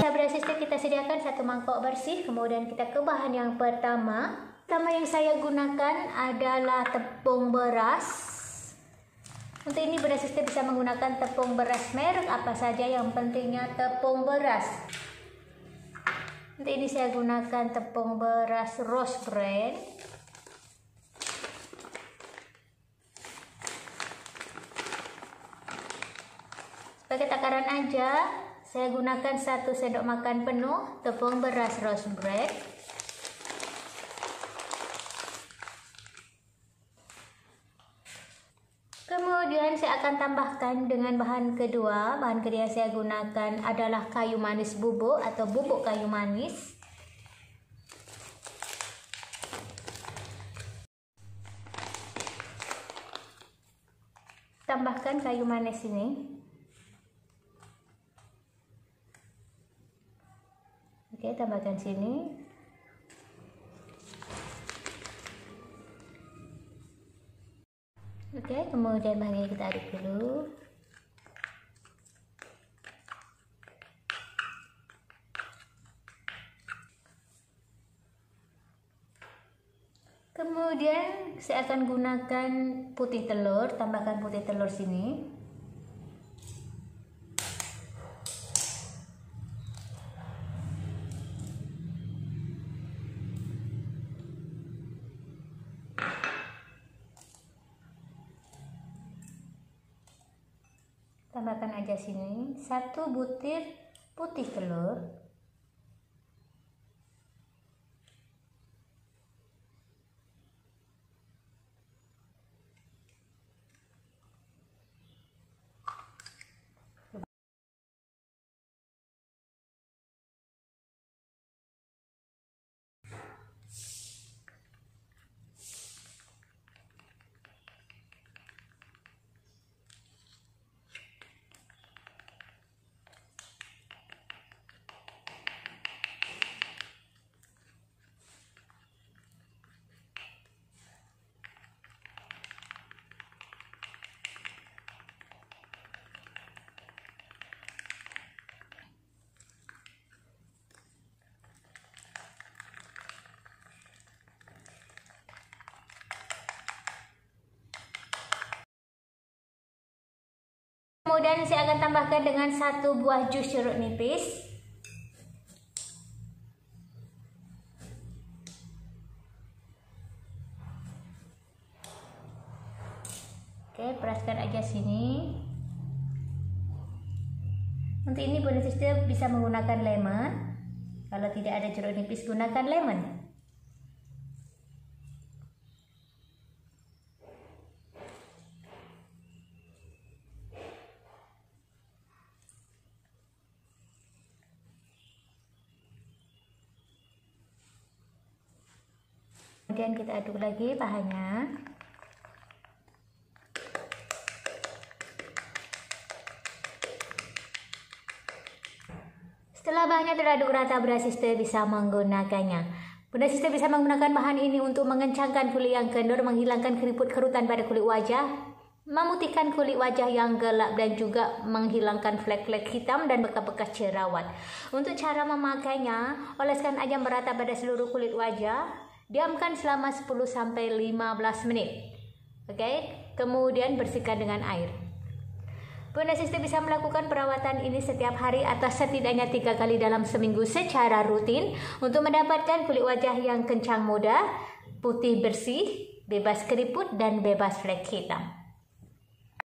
Kita berhasil kita sediakan satu mangkok bersih kemudian kita ke bahan yang pertama pertama yang saya gunakan adalah tepung beras untuk ini beras sister bisa menggunakan tepung beras merek apa saja yang pentingnya tepung beras. Untuk ini saya gunakan tepung beras Rose Brand. pakai takaran aja saya gunakan satu sendok makan penuh tepung beras rose bread kemudian saya akan tambahkan dengan bahan kedua bahan kedua saya gunakan adalah kayu manis bubuk atau bubuk kayu manis tambahkan kayu manis ini oke tambahkan sini oke kemudian bahannya kita aduk dulu kemudian saya akan gunakan putih telur tambahkan putih telur sini tambahkan aja sini satu butir putih telur Kemudian saya akan tambahkan dengan satu buah jus jeruk nipis. Oke, peraskan aja sini. Nanti ini bonus bisa menggunakan lemon. Kalau tidak ada jeruk nipis, gunakan lemon. kemudian kita aduk lagi bahannya. Setelah bahannya teraduk rata, Bunda Sister bisa menggunakannya. Bunda Sister bisa menggunakan bahan ini untuk mengencangkan kulit yang kendor, menghilangkan keriput kerutan pada kulit wajah, memutihkan kulit wajah yang gelap dan juga menghilangkan flek-flek hitam dan bekas-bekas jerawat. Untuk cara memakainya, oleskan aja merata pada seluruh kulit wajah Diamkan selama 10 sampai 15 menit. Oke, okay? kemudian bersihkan dengan air. Bunda Sisti bisa melakukan perawatan ini setiap hari atau setidaknya tiga kali dalam seminggu secara rutin untuk mendapatkan kulit wajah yang kencang muda, putih bersih, bebas keriput, dan bebas flek hitam.